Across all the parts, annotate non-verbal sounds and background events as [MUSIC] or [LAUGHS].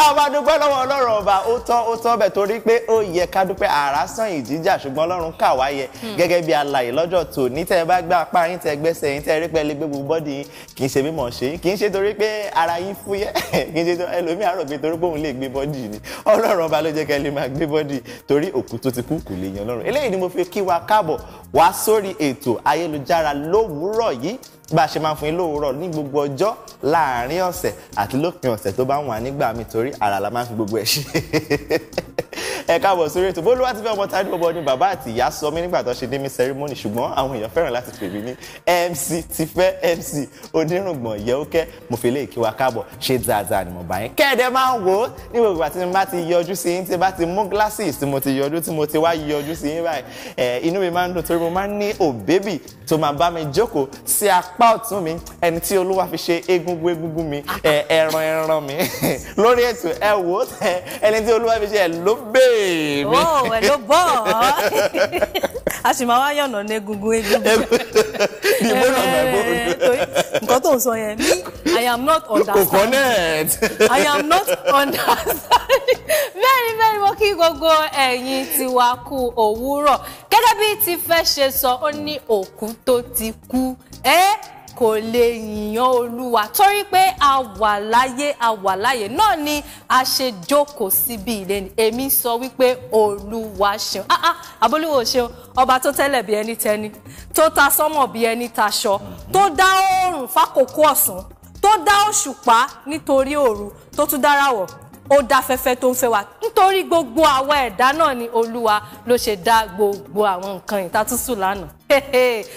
tá a bá dúpẹ́ lọ́wọ́ ọlọ́run ọba ó tọ́ ó tọ́ bẹ̀ torí pé ó yẹ ká dúpẹ́ àrá sàn ìjíjà ṣùgbọ́n ọlọ́run kà wá yẹ hmm. gẹ́gẹ́ bí alàyè lọ́jọ́ tòní tẹ́ ẹ bá gbá apá yín tẹ́ gbẹ́sẹ̀ yín tẹ́ rí pé lè gbé gbogbo bọ́dì yín kì í ṣe mímọ̀ ṣe yín kì í ṣe torí pé ara yín fúyẹ́ [LAUGHS] kì í ṣe ẹlòmíì àrò pé torí pé lè gbé bọ́dì ni ọlọ́run ọba ló jẹ́ kẹ́ lè máa gbé bọ́dì torí òkú tó ti kú kò lè yan ọlọ́run eléyìí ni mo fi kí wa káàbọ̀ wá sórí ètò ayélujára lówùúrọ̀ yìí bá a ṣe máa fún yín lówùúrọ̀ ní gbogbo ọjọ́ láàárín ọ̀sẹ̀ àti lópin ọ̀sẹ̀ tó bá wà nígbà mi torí àrà la máa fi gbogbo ẹ̀ ṣe [LAUGHS] ẹ káàbọ̀ sórí ètò bólúwà ti fẹ́ ọmọ tani bọ̀bọ̀ ni bàbá àti ìyá sọ mí nígbà tó ṣe dé mi sẹ́rímọ́nì ṣùgbọ́n àwọn èèyàn fẹ́ràn láti pè mí ní MC Tifẹ́ MC onírùngbọ̀n yẹ́ọ́kẹ́ mo fi lè kí káàbọ̀ ṣe dáadáa ni mo bá yín kẹ́ẹ̀dẹ́ máa ń wò ó ní gbogbo àti bá ti yọjú sí yín tí bá ti mú glasses tí mo ti yọjú tí mo ti wá yọjú sí yín báyìí inú mi máa ń dùn torí mo máa ń ní òbébì tó máa bá mi jókòó apá ọ̀tún mi ẹni tí olúwa fi ṣe egungun egungun mi ẹran ẹran mi [LAUGHS] lórí ètò ẹ wò ó tẹ ẹni tí olúwa fi ṣe ẹ ló bèè mi. ó ẹ ló bọ̀ ọ́ [LAUGHS] a sì máa wá yànnà ní egungun egungun. ìbò náà máa bò eh, nǹkan tó ń sọ yẹn ní [LAUGHS] I am not understand. kò connect. I am not understand. bẹ́ẹ̀ni Very mo kí gbogbo ẹ̀yin tiwa kú òwúrọ̀ gẹ́gẹ́ bí ti fẹ́ ṣe sọ ó ní òkú tó ti kú ẹ kò lè yìnyàn olúwa torí pé a wà láyé a wà láyé náà ni a ṣe jókòó síbi ilé èmi sọ wípé olúwa ṣeun ah ah abolúwo ṣeun ọba tó tẹ́lẹ̀ bí ẹni tẹ́ni tó ta sọ́mọ̀ bí ẹni taṣọ tó dá oòrùn fákòókò ọ̀sán tó dá òṣùpá nítorí òru tó tún dárawọ̀ ó dá fẹ́fẹ́ tó ń fẹ́ wa nítorí gbogbo àwa ẹ̀dá náà ni olúwa ló ṣe dá gbogbo àwọn nǹkan ìtatúsù lánàá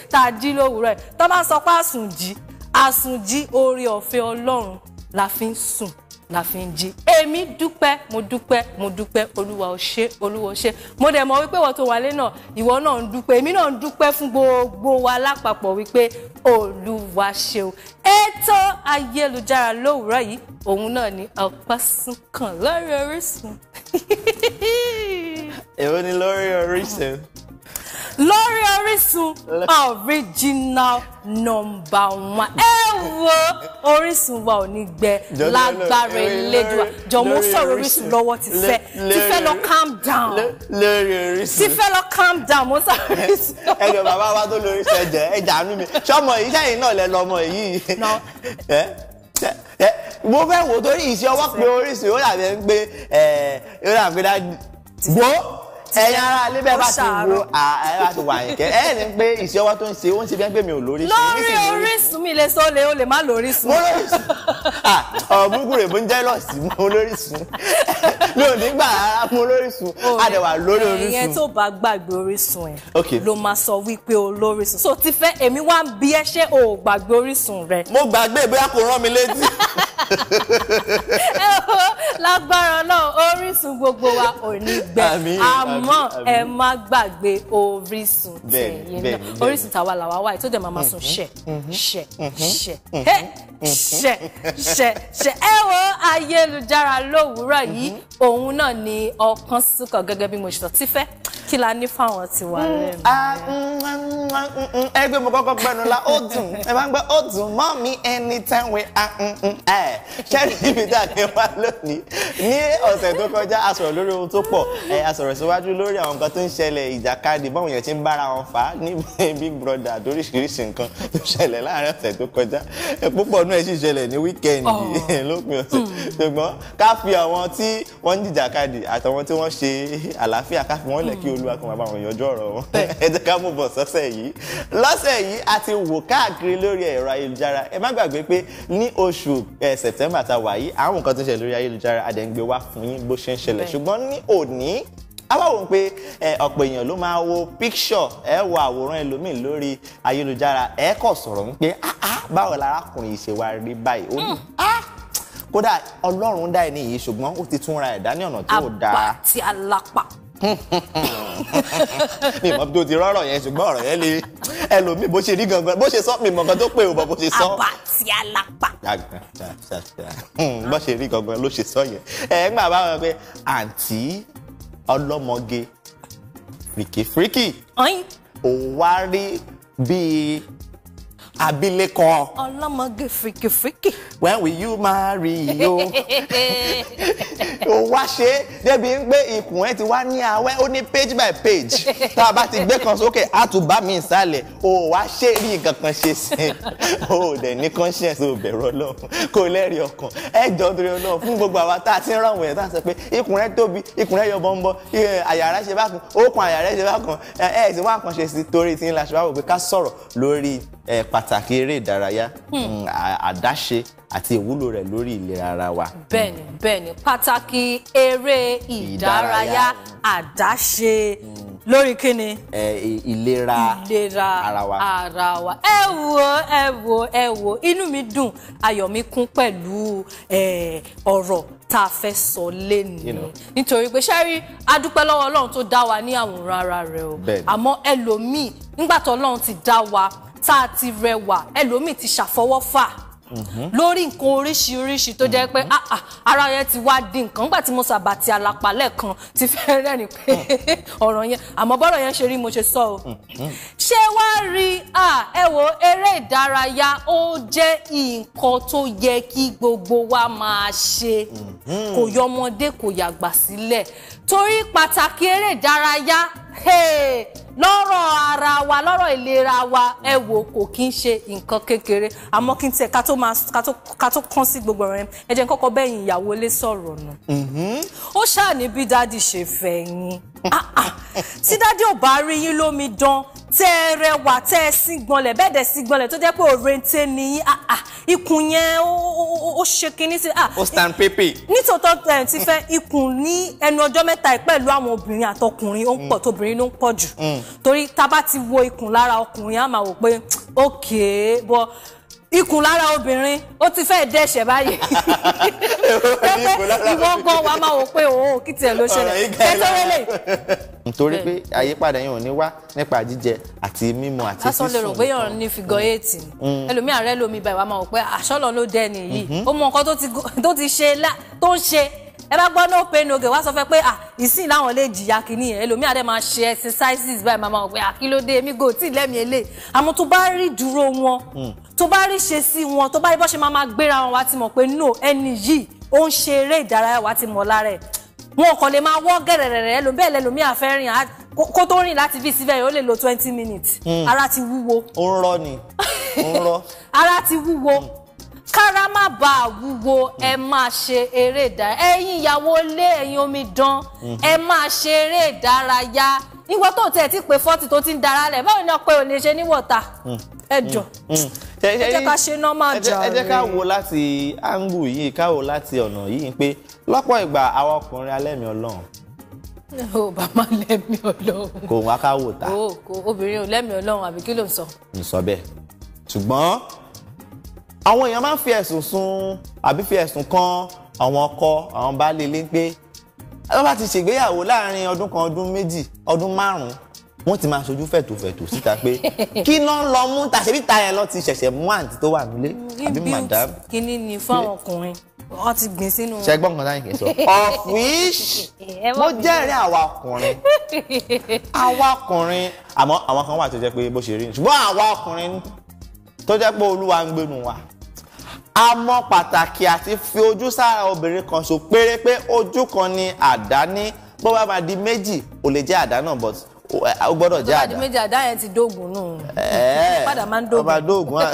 tá a jí lówùúrọ̀ ẹ̀ tó bá sọ pé àsùnjí àsùnjí oore ọ̀fẹ́ ọlọ́run la fi ń sùn la fi ń jí èmi dúpẹ́ mo dúpẹ́ mo dúpẹ́ olúwa ó ṣé olúwa ó ṣé mo dẹ̀ mọ̀ wípé wọ́n tó wálé náà ìwọ náà ń dúpẹ́ èmi náà ń dúpẹ́ fún gbogbo wa lápapọ̀ wípé olúwa ṣeun ètò ayélujára lówùúrọ̀ yìí òun náà ni Ọpásúnkàn lórí Orísun. [LAUGHS] èwo ni lórí Orísun lórí Orísun original number one ẹ wo Orísun wa ò ní gbẹ lágbára elédùá jọ̀wọ́ sọ̀rọ̀ Orísun lọ́wọ́ ti fẹ́ ti fẹ́ lọ calm down lórí ti fẹ́ lọ calm down mo sọ̀rọ̀ Orísun. ẹjọ bàbá wa tó lórí Orísun ẹjẹ ẹjà àánú mi sọmọ yìí sẹ́yìn náà lẹ lọmọ yìí mo fẹ́ wò torí iṣẹ́ ọwọ́ pé Orísun ó dàbí ẹ ń gbé ẹ ó dàbí ẹ gbó ti ṣe ó ṣàárọ̀. ẹ̀yin ara alẹ́ bẹ́ẹ̀ bá ti wo ẹ bá ti wà àyìnkẹ́ ẹ ní pé ìṣe ọwọ́ tó ń ṣe ó ń ṣe bí wọ́n pè mí ò lórí sùn. lórí Orísun mi lè sọ lè o lè má lórí sùn. mo lórí sùn ọ̀rọ̀ burúkú rẹ̀ bó ń jẹ́lọ̀sì mo lórí sùn [LAUGHS] mi ò ní gbà rárá mo lórí sùn a dẹ̀ wà lórí Orísun. tó bá gbàgbé Orísun ẹ̀ ló máa sọ wípé o lórí sùn so ti fẹ́ èmi wá ń bi ẹ́ ṣé o gbàgbé Orísun rẹ̀. mo gbàgbé bóyá rán mi létí. [LAUGHS] [LAUGHS] lágbára náà orísun gbogbo wa ò gbẹ àmọ́ ẹ má gbàgbé orísun tẹ̀yìn náà orísun tàwa làwa wáyé tó dẹ̀ máa máa sùn mm-hmm, ṣẹ̀ mm-hmm, ṣẹ̀ mm-hmm, ṣẹ̀ ṣẹ̀ ṣẹ̀ ṣẹ̀ ẹ wo ayélujára lówùúrọ̀ yìí òun náà ni ọkàn súnkàn gẹ́gẹ́ bí mo ṣe sọ tífẹ́ kí la ní fáwọn ti wà lẹ́nu. ẹgbẹ́ mo kọ́kọ́ gbẹnu la ó dùn ẹ máa ń gbọ́ ó dùn mọ́ mi anytime we are mm, mm, mm, eh. ṣẹ́ni ibi tá a ti wá lónìí ní ọ̀sẹ̀ tó kọjá a sọ̀rọ̀ lórí ohun tó pọ̀ a sọ̀rọ̀ síwájú lórí àwọn nǹkan tó ń ṣẹlẹ̀ ìjàkadì báwọn èèyàn ti ń bára wọn fà á ní [LAUGHS] big brother àdóríṣiríṣi nǹkan tó ṣẹlẹ̀ láàárín ọ̀sẹ̀ tó kọjá púpọ̀ náà sì ṣẹlẹ̀ ní wíkẹ́ndì oh. [LAUGHS] lópin ọ̀sẹ̀ hmm. ṣùgbọ́n ká fi àwọn tí wọ́n ń jìjàkadì àtàwọn tí wọ́n ṣe àlàáfíà ká fi wọ́n lẹ̀ kí olú hmm olúwa kan bàbá àwọn yanjú ọ̀rọ̀ wọn [LAUGHS] ẹ jẹ́ ká mú bọ̀ sọ́sẹ̀ yìí lọ́sẹ̀ yìí a ti wò káàkiri lórí ẹ̀rọ ayélujára ẹ má gbàgbé pé ní oṣù September tá a wà yìí àwọn nǹkan tó ń ṣe lórí ayélujára àdẹ̀ǹgbé wá fún yín bó ṣe ń ṣẹlẹ̀ ṣùgbọ́n ní òní awáwo pé ọ̀pọ̀ èèyàn ló máa wo picture ẹ wo àwòrán ẹlòmíì lórí ayélujára ẹ kò sọ̀rọ̀ pé ah, ah, báwo larákùnrin yìí ṣe wá rí báyìí ó ní hmm. ah, kódà ọlọ́run dá ẹni yìí ṣùgbọ́n ó ti tún ra ẹ̀dá ní ọ̀nà tí ò dáa. àbá ti alápá mi mọ̀ bí o ti rọ́rọ̀ yẹn ṣùgbọ́n ọ̀rọ̀ yẹn le ẹlòmíì bó ṣe rí gangan bó ṣe sọ mi mọ̀ kan tó pé o bọ̀ bó ṣe sọ. àbàtì alápá. Hmm, bó ṣe rí gangan ló ṣe sọ yẹn ẹ ń gbà báwọn pé àǹtí ọlọ́mọge fìkìfìkì ó wá rí bíi abilékọ. ọlọ́mọge fìkìfìkì. when will you marry o. o wá ṣe é débi ń gbé ikùn ẹ ti wá ní awẹ́ ó ní page by page tá a bá ti gbé kan sókè á tún bá mi ìsàlẹ̀ o wá ṣe rí nǹkan kan ṣe sí i o dẹ̀ ní conscience o bẹ̀rù Ọlọ́run kò lẹ́rìí ọkàn ẹ jọ torí Ọlọ́run fún gbogbo àwa tá a ti ń ràn wọ̀nyẹn tá a sọ pé ikùn rẹ tóbi ikùn rẹ yọbọ ń bọ àyàrá ṣe bákan okùn àyàrá ṣe bákan ẹ ẹ ti wá nǹkan ṣe sí torí ti ń la ṣe pàtàkì eré ìdárayá hmm. Hmm, àdáṣe àti ìwúlò rẹ̀ lórí ìlera ara wa. bẹ́ẹ̀ni hmm. bẹ́ẹ̀ni pàtàkì eré ìdárayá àdáṣe lórí kíni. ẹ ìlera ara wa. ara wa ẹ wo ẹ wo ẹ wo inú mi dùn ayọ̀ mi kún pẹ̀lú ọ̀rọ̀ tá a fẹ́ sọ lẹ́nu nítorí pé ṣẹ́rí adúpẹ́ lọ́wọ́ ọlọ́run tó dá wa ní àwòrán ara rẹ̀ o àmọ́ ẹlòmíì nígbà tó ọlọ́run ti dá wa tá a ti rẹwà ẹlòmíì ti ṣàfọwọ́fà mhm. lórí nǹkan oríṣiríṣi tó jẹ́ pé mhm. ah, ah, ara yẹn ti wá di nǹkan nígbà tí mo sàbàtì àlàpà lẹ́ẹ̀kan ti fẹ́ [LAUGHS] rẹ́rìn pé hmm. [LAUGHS] ọ̀rọ̀ yẹn àmọ́ bọ́rọ̀ yẹn ṣe rí mo ṣe sọ o. Hmm, hmm. ṣé wàá rí ẹ wo eré ìdárayá ó jẹ́ nǹkan tó yẹ kí gbogbo wa máa ṣe mhm. kò yọmọdé kò yàgbà sílẹ̀ torí pàtàkì eré ìdárayá lọ́rọ̀ ara wa lọ́rọ̀ ìlera wa ẹ wò kò kí n ṣe nǹkan kékeré àmọ́ kí n tiẹ̀ ká tó máa ká tó kán sí gbogbo ọ̀rọ̀ ẹ jẹ́ kọ́kọ́ bẹ́yìn ìyàwó lé sọ̀rọ̀ nù. Mm-hmm. ó ṣáà ní bí dáàdì ṣe fẹ́ yín Ah, ah. tí dádì ò bá rí yín lómi dán tẹ ẹ rẹwà tẹ ẹ sín gbọ̀nlẹ̀ bẹ́ẹ̀ dẹ̀ sín gbọ̀nlẹ̀ tó jẹ́ pé òrèǹté ni ah, ikùn yẹn ó ṣe kinní sí. ó stand pépè. nítòótọ́ eh, ti fẹ́ ikùn ní ẹnu ọjọ́ mẹ́ta pẹ̀lú àwọn obìnrin àtọkùnrin ó ń pọ̀ mm. tóbìnrin ló ń pọ̀ jù mm. torí tá a bá ti wo ikùn lára ọkùnrin á máa wò pé ókè bọ́ ikùn lára obìnrin ó ti fẹ́ dẹ́ṣẹ̀ báyìí ìwọ́n gan wa máa wò pé òun kí tiẹ̀ ló ṣẹlẹ̀ kẹ́tọ́rẹ́ lè. nítorí pé àyípadà yẹn ò ní wá nípa jíjẹ àti mímu àti sísun. lásán lè rò pé yọ̀rọ̀ ní fìgọ́ èètì mm. mm. ẹlòmíì ààrẹ lomi báyìí wa máa wò pé àṣọ́lọ́ ah, ló dẹ́ni yìí mm-hmm. ó mọ nǹkan tó ti [LAUGHS] ṣe tó ń ṣe ẹ bá gbọ́ no pain no gain wá sọ fẹ́ pé à ah, ìsìn láwọn lè jìyà kìíní yẹn ẹlòmíì àdé máa ṣe exercises báyìí máa máa wẹ̀ àkílódé ah, mi gò tí lẹ́mìí elé àmọ́ tó bá rí dúró wọn hmm. tó bá rí ṣe sí wọn tó bá rí bọ́ ṣe máa máa gbéra wọn wá ti mọ̀ pé no ẹni yìí ó ń ṣe eré ìdárayá wá ti mọ̀ lára ẹ̀ wọn kàn lè máa wọ́ gẹ̀rẹ̀rẹ̀ lóbẹ́ lẹ́lòmíì àfẹ́rìn kó tó rìn láti fi síbẹ̀ yóò lè lo twenty minutes hmm. ara ti wúwo. ó ń rọ ni ó ń rọ. [LAUGHS] ara ti wúwo. Hmm kára má ba àwúwo ẹ máa ṣe eré ìdárayá ẹ̀yin ìyàwó ilé ẹ̀yin omidan ẹ mhm. máa ṣe eré ìdárayá ìwọ tó tẹ̀ ti pé fọ́ọ̀tì tó ti ń dara lẹ̀ báwo ni ọpẹ ò lè ní wọ̀ta mm. ẹ jọ mm. Mm. ẹ jẹ́ ká ṣe normal jà rẹ ẹ jẹ́ ká wo láti angle yìí ká wo láti ọ̀nà yìí pé lọ́pọ̀ ìgbà àwọn ọkùnrin alẹ́mìí ọlọ́run [LAUGHS] o oh, bàbá lẹ́mí ọlọ́run. kò wá ká wò ta. Oh, kò obìnrin ò lẹ́mí ọlọ́run àbí kí ló ń sọ. ń sọ bẹ́ẹ̀ ṣùgbọ́n àwọn èèyàn máa ń fi ẹ̀sùn sun àbí fi ẹ̀sùn kan àwọn ọkọ àwọn baálé ilé ń pé wọ́n bá ti ṣègbéyàwó láàrin ọdún kan ọdún méjì ọdún márùn-ún wọ́n ti máa ṣojú fẹ̀tòfẹ̀tò síta pé kí ló ń lọ mú tàṣẹ́bí ta yẹn lọ ti ṣẹ̀ṣẹ̀ mú àǹtí tó wà nílé mm, àbí madam. kíní ni fáwọn ọkùnrin wọn ti gbìn sínú. ṣẹgbọn kan láyé kìí sọ [LAUGHS] of which [LAUGHS] mo jẹ́rìí àwa ọkùnrin [LAUGHS] àwa ọkùnrin àmọ́ àwọn kan wà tó jẹ́ pé bó ṣe rí ni ṣùgbọ́n àwa ọkùnrin tó jẹ́ pé olúwa ń gbénu wa a mọ pàtàkì àti fi ojú sára obìnrin kan so péré pé ojú kan ni àdá ní bó bá máa di méjì ò lè jẹ́ àdá náà but ó eh, gbọ́dọ̀ jẹ́ àdá. bó bá di méjì àdá yẹn ti dóògùn nù. ẹ̀ẹ́ eh, [LAUGHS] padà máa ń dóògùn. ọba dóògùn à.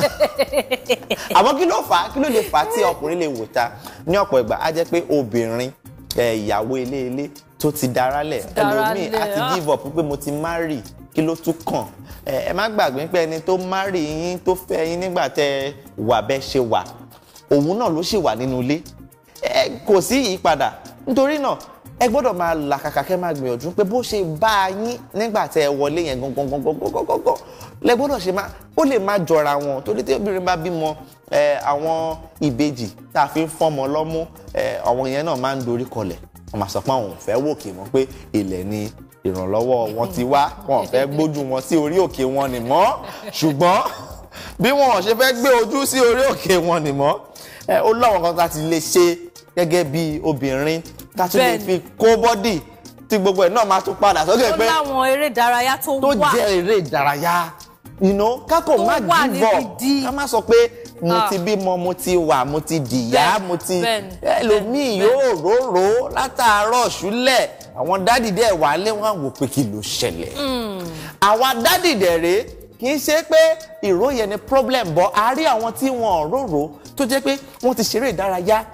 [LAUGHS] àmọ́ kí ló fà á kí ló lè fà á tí ọkùnrin lè wò ta ní ọ̀pọ̀ ìgbà á jẹ́ pé obìnrin eh, ìyàwó ilé ilé tó ti darálẹ̀ ẹlòmíì á ti ah. give up pé mo ti marry kí ló tún kàn ẹ má gbàgbé pé ẹni tó marry yín tó fẹ́ yín nígbà tẹ́ wà bẹ́ẹ̀ ṣe wà òun náà ló ṣì wà nínú ilé ẹ kò sí ìyípadà nítorí náà ẹ gbọ́dọ̀ máa làkàkà kẹ́ máa gbìyànjú pé bó ṣe bá a yín nígbà tẹ́ ẹ wọlé yẹn gangan gangan gangan gangan lẹ gbọ́dọ̀ ṣe máa ó lè má jọra wọn torí tí obìnrin bá bímọ ẹ àwọn ìbejì tá a fi ń fọmọ lọ́mú ẹ àwọn yẹn náà máa ń dorí kọlẹ̀ wọ́n máa sọ pé àwọn ò fẹ́ wòkè pé ilẹ̀ ni ìrànlọ́wọ́ wọn ti wá wọn ò gbójú wọn sí orí òkè wọn nì mọ́ bí wọn ò ṣe fẹ́ gbé ojú sí orí òkè wọn nì ó lọ́wọ́n kan tá lè ṣe gẹ́gẹ́ bí obìnrin tá lè fi kó bọ́dì tí gbogbo ẹ̀ náà máa tún padà sókè pé tó láwọn eré ìdárayá tó wà tó jẹ́ eré ìdárayá ìná kákò má give ká má sọ pé mo ah. ti bímọ mo ti wà mo ti dìyà mo ti ẹlòmíì yóò róró látàárọ̀ ṣúlẹ̀ àwọn dádì wà lé wọn wò pé kí ló ṣẹlẹ̀ hmm. àwa dádì dẹ̀ kì í ṣe pé ìròyìn ni problem bọ́ a rí àwọn tí wọn róró tó jẹ́ pé wọ́n ti ṣeré ìdárayá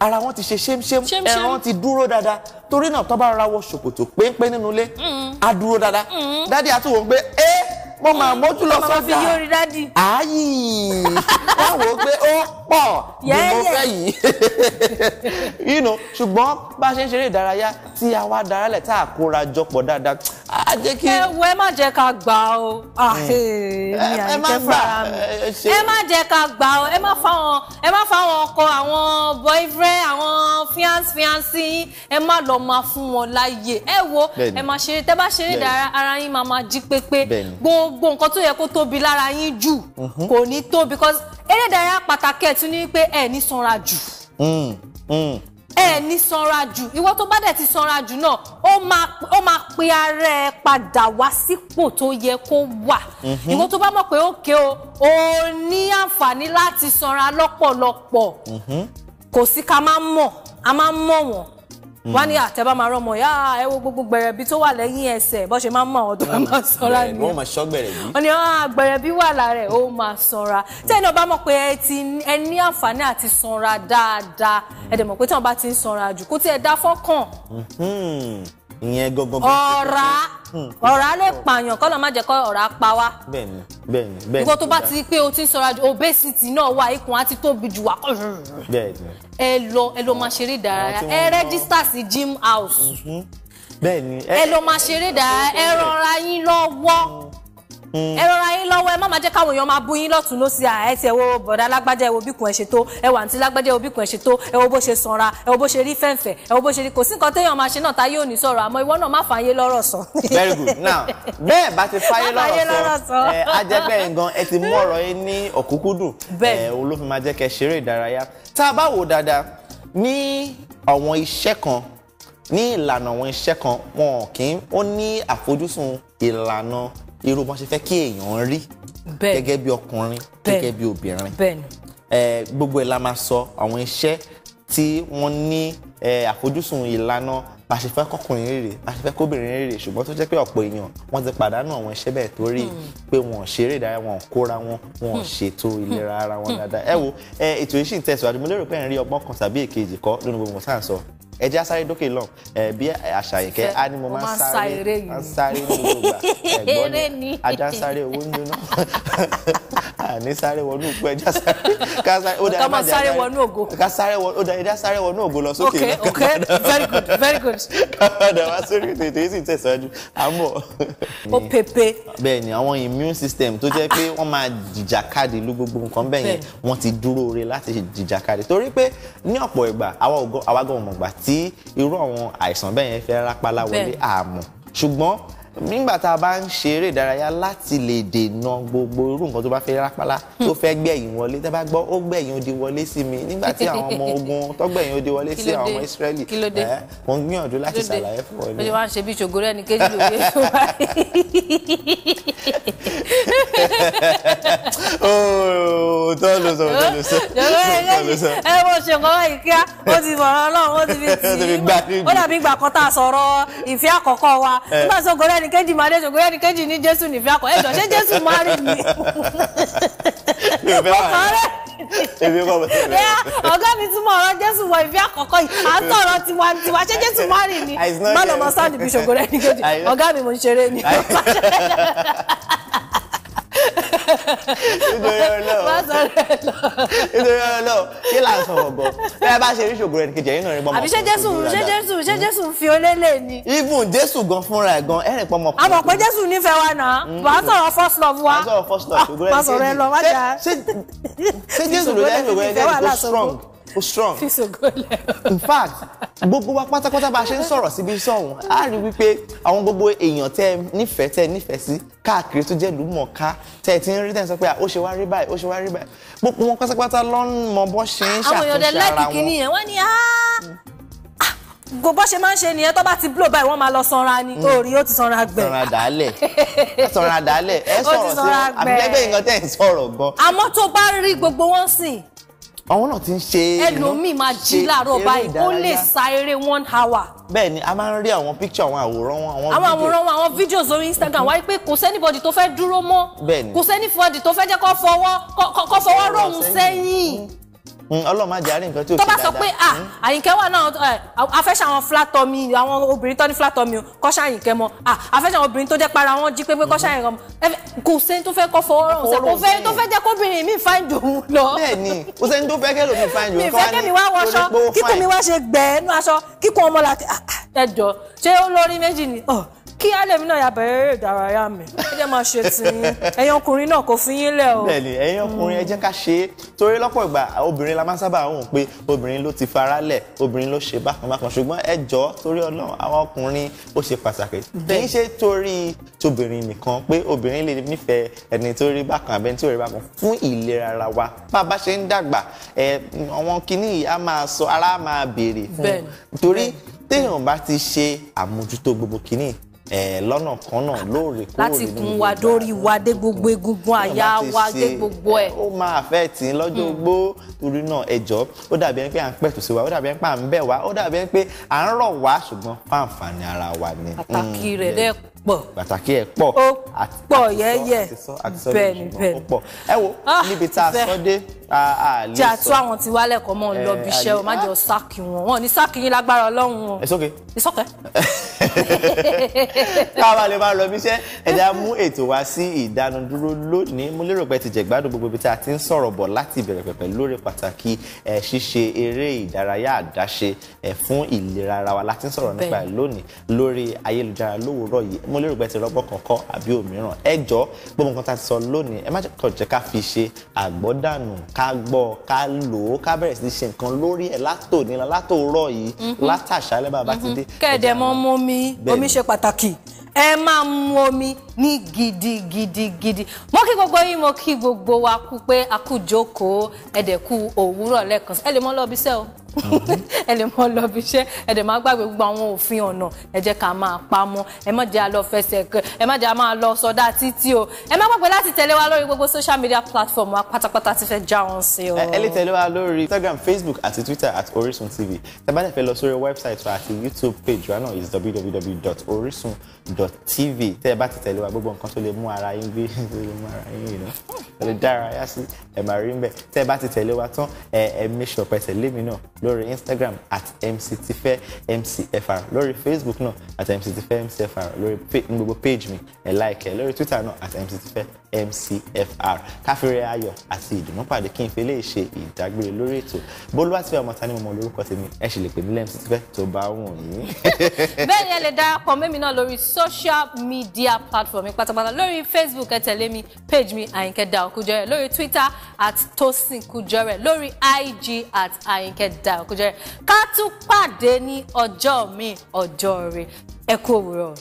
ara wọn ti ṣe ṣémṣém ẹran ti dúró dáadáa torí náà tó bá rọra wọ ṣòkòtò péńpé nínú ilé mm-hmm. á dúró dáadáa mm-hmm. dádì àtúwò ń gbé ẹ mo máa mm-hmm. mójú lọ sọ́jà ààyè wọ́n wò ó pé ó pọ̀ ni mo fẹ́ yìí [LAUGHS] ṣùgbọ́n bá a ṣe ń ṣeré ìdárayá tí a wá darálẹ̀ tá a kóra jọpọ̀ dáadáa a jẹ́ kí. Ah, mm. ẹ wọ ẹ má jẹ́ ká gbà o ẹ má gbà ẹ má jẹ́ ká gbà o ẹ má fáwọn ẹ má fáwọn ọkọ àwọn boyfriend àwọn fiance fiance ẹ má lọ máa fún wọn láàyè ẹ wo ẹ má ṣeré tẹ bá ṣeré dára ara yín máa máa jí pépé gbogbo nǹkan tó yẹ kó tóbi lára yín jù mhm. kò ní tó because eré ìdárayá pàtàkì ẹ̀ tún ní pé ẹ ní sanra jù. Mm, mm ẹ ní sanra jù ìwọ tó bá dẹ̀ ti sanra jù náà ó máa ó máa pe ara ẹ padà wá sípò tó yẹ kó wà mhm. ìwọ tó bá mọ̀ pé òkè o ò ní àǹfààní láti sanra lọ́pọ̀lọpọ̀ mhm. kò sí ká máa mọ̀ a máa mọ̀ wọ́n wọ́n ní àtẹ̀bá ah, máa rán ọmọ yá ẹ wo gbogbo gbẹ̀rẹ̀bí tó wà lẹ́yìn ẹsẹ̀ bó ṣe máa ń mọ àwọn tó máa sanra ni wọ́n máa ṣọ́ gbẹ̀rẹ̀bí wọ́n ní ah, gbẹ̀rẹ̀bí wà lára ẹ̀ ó máa sanra tẹ́ ẹ náà bá mọ̀ pé ẹ ní àǹfààní àti sanra dáadáa ẹ mọ̀ pé tí wọ́n bá ti ń sanra jù kó tí ẹ dá fọ́kàn. Mhm ìyẹn gangan. ọ̀rá hmm. ọ̀rá lè pààyàn kọ́ ló má jẹ́ kọ́ ọ̀rá pa wá. bẹ́ẹ̀ni bẹ́ẹ̀ni bẹ́ẹ̀ni. nǹkan tó bá ti pé o ti ń sọra ju obesity náà wà ikùn á ti tóbi jù wá. bẹ́ẹ̀ni. ẹ lọ ẹ lọ máa ṣeré ìdárayá ẹ rẹ́gísítà sí gym house. Mhm. bẹ́ẹ̀ni. ẹ lọ máa ṣeré ìdárayá ẹ rọra yín lọ́wọ́. Hmm ẹ yín lọ́wọ́ ẹ má máa jẹ́ káwọn èèyàn máa bú yín lọ́tún lọ́sí à ẹ tiẹ̀ wo bọ̀dá lágbájá ẹ wo ẹ ṣe tó ẹ àǹtí lágbájá ẹ wo ẹ ṣe tó ẹ bó ṣe sanra ẹ bó ṣe rí fẹ̀ǹfẹ̀ ẹ bó ṣe rí kò sí nǹkan téèyàn máa ṣe náà táyé ò ní sọ̀rọ̀ àmọ́ ìwọ náà má fàáyé lọ́rọ̀ sọ. very good now bẹ́ẹ̀ bá ti fáyé lọ́rọ̀ sọ ẹ á jẹ́ bẹ́ẹ̀ gan ẹ ti mú ọ̀rọ̀ yín ní ọ̀kúnkúndùn ẹ olófin máa jẹ́ kẹ́ ṣeré ìdárayá tá ní ìlànà àwọn iṣẹ́ kan wọn kì í ó ní àfojúsùn ìlànà irú bọ́n ṣe fẹ́ kí èèyàn rí gẹ́gẹ́ bí ọkùnrin gẹ́gẹ́ bí obìnrin gbogbo ẹ̀ la máa sọ àwọn iṣẹ́ tí wọ́n ní àfojúsùn ìlànà bá ṣe fẹ́ kọkùnrin rèé bá ṣe fẹ́ kóbìnrin rèé ṣùgbọ́n tó jẹ́ pé ọ̀pọ̀ èèyàn wọ́n ti pàdánù àwọn iṣẹ́ bẹ́ẹ̀ torí hmm. pé wọn ò ṣeré ìdárayá wọn ò kóra wọn wọn ò hmm. ṣètò hmm. ìlera ara wọn dáadáa ẹ wo ètò yìí sì ń tẹ̀síwájú mo lérò pé ẹ̀ rí ọgbọ́n kan tàbí èkejì kọ́ lónìí gbogbo tá à ń sọ ẹ jẹ́ asáré dókè lọ ẹ bí àṣàyẹ̀kẹ́ á ní mo máa ń sáré ní gbogbo ẹ̀gbọ́n ni ajá ń sáré owó ń gbóná. [LAUGHS] ní sáré wọnú òkú ẹja sáré ká sáré ó dáa sáré wọnú ògo ká sáré wọnú ó dáa ẹja sáré wọnú ògo lọ sókè náà ok ok very good very good. ká padà wá sórí ètò ètò yìí sì tẹ̀síwájú àmọ́. ó pepe. bẹ́ẹ̀ ni àwọn immune system tó jẹ́ pé wọ́n máa jìjàkadì lu gbogbo nǹkan bẹ́ẹ̀ yẹn wọ́n ti dúró re láti jìjàkadì torí pé ní ọ̀pọ̀ ìgbà àwa gan-an mọ̀gbà tí irú àwọn àìsàn bẹ́ẹ̀ yẹn fẹ́ rápálá wọlé àmọ́ ṣùgbọ́n nígbà tá a bá ń ṣe eré ìdárayá láti lè dènà gbogbo irú nǹkan tó bá fẹ́ rápálá tó fẹ́ gbẹ̀yìn wọlé tẹ́ bá gbọ́ ó gbẹ̀yìn odi wọlé sí mi nígbà tí àwọn ọmọ ogun [LAUGHS] tó gbẹ̀yìn odi wọlé sí àwọn ọmọ Ísírẹ́lì ẹ̀ mo ń gbìyànjú láti ṣàlàyé fún ọ ní. ó ṣe wá ń ṣe bí ṣògòrò ẹni kéjì lóye tó wá. ooo tó ló sọ tó ló sọ. ẹ wọ́n ṣe nǹkan báyìí kíá ó ti mọ̀ ọ́ [LAUGHS] ó ti fi tì í ó dàbí ìgbà a sọ̀rọ̀ ìfẹ́ àkọ́kọ́ wa nígbà tí ṣògòrò ẹ ẹnìkejì máa dẹ́sùn bóyá ẹnìkejì ní jésù nìfẹ́ akọ ẹ̀jọ̀ ṣé jésù máa rí mi. ọ̀gá mi túmọ̀ ọ̀rọ̀ jésù wọ ìfẹ́ àkọ́kọ́ yìí à ń tọ̀rọ̀ tiwa tiwa ṣé jésù máa rí mi. má lọ mọ sáàdì bí ṣògo rẹ ẹnìkejì ọ̀gá mi mo ń ṣeré ni. [LAUGHS] nítorí Ọlọ́run má sọ̀rọ̀ ẹ lọ nítorí Ọlọ́run kí là ń sọ̀rọ̀ bọ bí a bá ṣe rí ṣògo rẹ kejì ẹ̀yin náà rí bọmọ. àbí ṣé jésù ṣé jésù ṣé jésù fi olélè ni. even jésù gan fúnra ẹ̀ gan ẹrìn pọmọ. a mọ̀ pé jésù nífẹ̀ẹ́ wa náà mm-hmm. wàá sọ̀rọ̀ first love wa wàá sọ̀rọ̀ first love ṣògo rẹ kejì má sọ̀rọ̀ ẹ lọ má jà. ṣé jésù ló dá ṣògo rẹ kejì kó strong ó strong. fi ṣògo lẹ. in fact gbogbo wa pátápátá bá a ṣe ń sọ̀rọ̀ síbi sọ̀hún á rí wípé àwọn gbogbo èèyàn tẹ́ nífẹ̀ẹ́ tẹ́ nífẹ̀ẹ́ sí káàkiri tó jẹ́ ìlú mọ̀ọ́ká tẹ̀ tí ń rí tẹ̀ sọ pé ó ṣe wá rí báyìí ó ṣe wá rí báyìí gbogbo wọn pátápátá ló ń mọ bó ṣe ń ṣàtúnṣe ara wọn. àwọn èèyàn dẹ̀ láìkì kìíní yẹn wọ́n ní bó ṣe máa ń ṣe nìyẹn tó bá ti blow báyìí wọ́n máa lọ sanra ni hmm. orí ó ti sanra gbẹ. sanra dàálẹ̀ [LAUGHS] sanra dàálẹ̀ ẹ sọ̀rọ̀ sí àbílẹ́gbẹ̀ nǹkan tẹ̀ ń sọ̀rọ̀ gan. àmọ́ tó bá rí gbogbo wọn sìn àwọn náà ti ń ṣe ẹlòmíì máa jí láàárọ̀ báyìí ó lè sa eré one hour bẹ́ẹ̀ ni a máa ń rí àwọn picture àwọn àwòrán wọn àwọn video àwọn àwòrán wọn àwọn videos orí instagram wáyé pé kò sẹ́nibọ̀dì tó fẹ́ dúró mọ́ bẹ́ẹ̀ ni kò sẹ́nibọ̀dì tó fẹ́ jẹ́ kó fọwọ́ kó fọwọ́ ròhùn sẹ́yìn Mm, ọlọ́run má jàre nǹkan tí ò ṣe dáadáa. tó bá sọ pé à ah, mm. àyìnkẹ́ wà náà afẹ́ṣẹ́ àwọn flatọ́mì àwọn obìnrin tó ní flatọ́mì kọ́ṣà àyìnkẹ́ mọ́ à ah, afẹ́ṣẹ́ àwọn obìnrin tó jẹ́ para wọn jí pé pé kọ́ṣà àyìnkẹ́ mọ́ kò sẹ́ni tó fẹ́ kọ́ fọwọ́ rọ̀ sẹ́ kò fẹ́ tó fẹ́ jẹ́ kóbìnrin mi fáìn jò ń lọ. bẹ́ẹ̀ni kò sẹ́ni tó fẹ́ kẹ́ lómi fáìn jò ń kọ́ wa ni kò ní pé ó fáìn kí alẹ́mi náà yàbẹ̀rẹ̀ eré ìdárayá mi ẹ jẹ́ máa ṣe tiyín ẹ̀yin ọkùnrin náà kò fi yín lẹ̀ o. bẹ́ẹ̀ni ẹ̀yin ọkùnrin ẹ jẹ́ ká ṣe é torí lọ́pọ̀ ìgbà obìnrin la máa ń sábà hùn pé obìnrin ló ti fara lẹ̀ obìnrin ló ṣe bákan bákan ṣùgbọ́n ẹ jọ torí Ọlọ́run àwọn ọkùnrin ó ṣe pàtàkì kì í ṣe torí tóbìnrin nìkan pé obìnrin lè nífẹ̀ẹ́ ẹni tó rí bákan àbẹ́ni tó rí bákan fún ìlera ara wa bá a bá ṣe ń dàgbà àwọn kinní yìí máa sọ ara máa béèrè fún torí téèyàn bá ti ṣe àmójútó gbogbo kinní lọ́nà kan náà lóòrèkóòrè láti kun wa dórí wa dé gbogbo egungun àyà wa dé gbogbo ẹ̀. ó máa fẹ́ tí lọ́jọ́ hmm. gbó torí náà ẹjọ́ ó dàbí ẹni pé à ń pẹ̀tù sí wa ó dàbí ẹni pé à ń bẹ̀ wá ó dàbí ẹni pé à ń rọ̀ wá ṣùgbọ́n fáǹfààní ara wa ni. pàtàkì hmm. rẹ̀ lẹ́kọ̀ọ́ pọ̀ pàtàkì ẹ̀ pọ̀ ó pọ̀ yẹ́yẹ́ ni bẹ́ẹ̀ ni ẹ wo ah, níbi tá a sọ dé a lè sọ. tí a àwọn tí wá lẹ́kọ̀ọ́ mọ́ lọ bí iṣẹ́ o má jẹ́ sáàkì wọn wọn ní sáàkì yín lágbára ọlọ́run o. it's okay. it's okay. káwa [LAUGHS] lè máa lọ bí iṣẹ́ ẹ̀dá mú ètò wá sí ìdánudúró lónìí mo lérò pé ti jẹ̀gbádùn gbogbo ibi tí a ti ń sọ̀rọ̀ bọ̀ láti ìbẹ̀rẹ̀ pẹ̀pẹ̀ lórí pàtàkì ṣíṣe eré ìdárayá àdáṣe fún ìlera ara wa láti ń sọ̀rọ̀ nípa lónìí lórí ayélujára lówùúrọ̀ yìí mo lérò pé ti rọ́gbọ́n kọ̀ọ̀kan àbí òmíràn ẹ jọ gbogbo nǹkan tá a ti sọ lónìí ẹ má kàn jẹ́ ká fi ṣe àgbọ́dànù ká gbọ́ ká lò ó ká bẹ̀rẹ̀ sí ṣe nǹkan lórí ẹ̀ látò nílá látò rọ̀ yìí mhm. látàṣálẹ́ bàbá ti dé. Mhm. kẹ́ẹ̀dẹ̀ mọ́ mú mi omi ṣe pàtàkì ẹ máa mu omi ní gidigidigidi mo kí gbogbo yín mo kí gbogbo wa kú pé a kú jókòó ẹdẹkù òwúrọ̀ lẹ́ẹ̀kan ẹ lè mọ lọ bí o [LAUGHS] ẹ lè mọ lọ bí iṣẹ́ ẹ dẹ̀ máa gbàgbé gbogbo àwọn òfin ọ̀nà ẹ jẹ́ ká máa pa ẹ má jẹ́ a fẹsẹ̀ kẹ ẹ má jẹ́ a máa sọdá títí o ẹ má gbàgbé láti tẹ̀lé wa lórí gbogbo social media platform wa pátápátá ti fẹ́ já wọn sí o. ẹ lè tẹ̀lé wa lórí Instagram Facebook àti Twitter at Orisun TV tẹ́ fẹ́ lọ sórí website wa àti YouTube page wa náà is www.orisun.tv tẹ́ bá ti tẹ̀lé wa gbogbo nǹkan tó lè mú ara yín gbé [LAUGHS] tó lè mú ara yín yìí náà ẹ ẹ bá ti tẹ̀lé wa tán ẹ ẹ make sure pé náà lórí instagram at mctife mcfr lórí facebook náà at mctife mcfr lórí gbogbo page mi ẹ like ẹ lórí twitter náà at mctife mcfr káfíńrẹ́ ayọ̀ àti ìdùnnú pàdé kí n fi lè ṣe ìdágbére lórí ètò bólúwàtífẹ́ ọmọta ni mo mọ lórúkọ tèmi ẹ sì lè pè mí lẹ́mctife tó bá wù yín. [LAUGHS] bẹ́ẹ̀ ẹ lè darapọ̀ mẹ́mi náà lórí social media platform mi pátápátá lórí facebook ẹ tẹ̀lé mi page mi àyìnkẹ́ daoku kujore lórí twitter at tosin kujore lórí ig at àyìnkẹ́ daoku. Kújẹ́rẹ́ ká tún pàdé ní ọjọ́ mi ọjọ́ rẹ ẹ kú òwúrọ̀.